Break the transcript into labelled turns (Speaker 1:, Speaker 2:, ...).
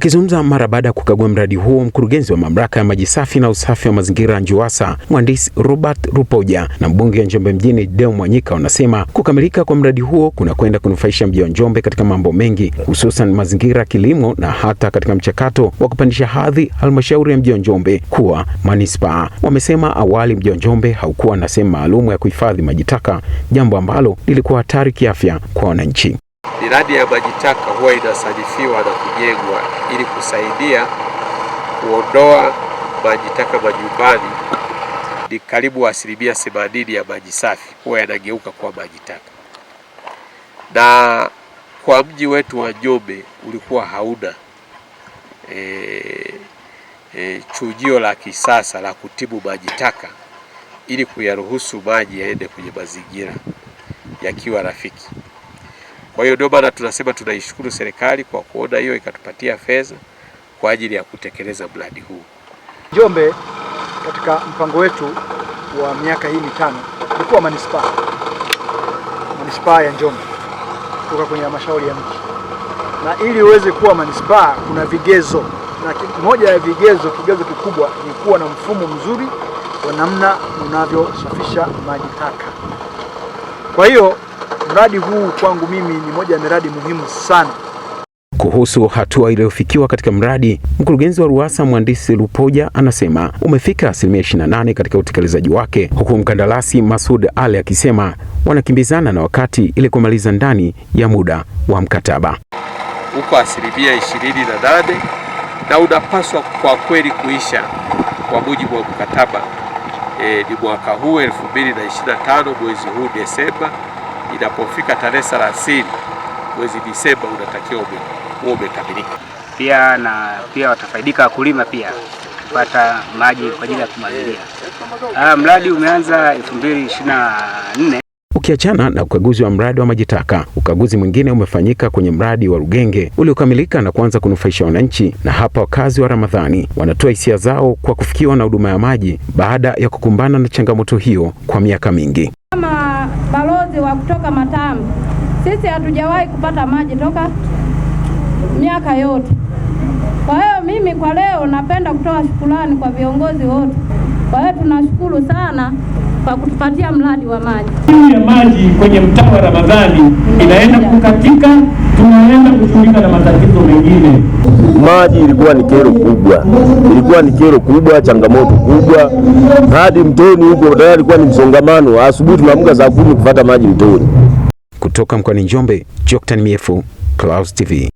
Speaker 1: Wakizungumza mara baada ya kukagua mradi huo, mkurugenzi wa mamlaka ya maji safi na usafi wa mazingira NJUWASA mhandisi Robert rupoja na mbunge wa Njombe mjini Deo Mwanyika wanasema kukamilika kwa mradi huo kuna kwenda kunufaisha mji wa Njombe katika mambo mengi, hususan mazingira, kilimo na hata katika mchakato wa kupandisha hadhi halmashauri ya mji wa Njombe kuwa manispaa. Wamesema awali mji wa Njombe haukuwa na sehemu maalumu ya kuhifadhi maji taka, jambo ambalo lilikuwa hatari kiafya kwa wananchi.
Speaker 2: Miradi ya taka huwa inasanifiwa na kujengwa ili kusaidia kuondoa taka majumbani. Ni karibu asilimia themanini ya maji safi huwa yanageuka kuwa taka na kwa mji wetu wa Njombe ulikuwa hauna e, e, chujio la kisasa la kutibu taka ili kuyaruhusu maji yaende kwenye mazingira yakiwa rafiki. Kwa hiyo ndio bado tunasema tunaishukuru serikali kwa kuona hiyo ikatupatia fedha kwa ajili ya kutekeleza mradi huu.
Speaker 3: Njombe katika mpango wetu wa miaka hii mitano ilikuwa manispaa manispaa ya Njombe kutoka kwenye halmashauri ya mji, na ili uweze kuwa manispaa kuna vigezo, na moja ya vigezo, kigezo kikubwa ni kuwa na mfumo mzuri wa namna unavyosafisha maji taka. Kwa hiyo mradi huu kwangu mimi ni moja ya miradi muhimu sana.
Speaker 1: Kuhusu hatua iliyofikiwa katika mradi, mkurugenzi wa RUWASA mhandisi Lupoja anasema umefika asilimia 28 katika utekelezaji wake, huku mkandarasi Masud Ali akisema wanakimbizana na wakati ili kumaliza ndani ya muda wa mkataba.
Speaker 2: Uko asilimia 28 na unapaswa kwa kweli kuisha kwa mujibu wa mkataba. E, ni mwaka huu 2025 mwezi huu Desemba inapofika tarehe 30 mwezi Disemba unatakiwa uwe umekamilika.
Speaker 4: Pia na pia watafaidika wakulima pia kupata maji kwa ajili ya kumwagilia. Ah, mradi umeanza 2024.
Speaker 1: Ukiachana na ukaguzi wa mradi wa maji taka, ukaguzi mwingine umefanyika kwenye mradi wa Rugenge uliokamilika na kuanza kunufaisha wananchi, na hapa wakazi wa Ramadhani wanatoa hisia zao kwa kufikiwa na huduma ya maji baada ya kukumbana na changamoto hiyo kwa miaka mingi
Speaker 5: wa kutoka Matamu. Sisi hatujawahi kupata maji toka miaka yote. Kwa hiyo mimi kwa leo napenda kutoa shukurani kwa viongozi wote. Kwa hiyo tunashukuru sana kwa kutupatia mradi wa maji.
Speaker 6: ya maji kwenye mtaa wa Ramadhani inaenda kukatika, tunaenda kusikika na matatizo mengine.
Speaker 7: Maji ilikuwa ni kero kubwa, ilikuwa ni kero kubwa, changamoto kubwa, hadi mtoni huko tayari ilikuwa ni msongamano. Asubuhi tunaamka saa kumi kufata maji mtoni.
Speaker 1: Kutoka mkoani Njombe, Joctan Myefu, Clouds TV.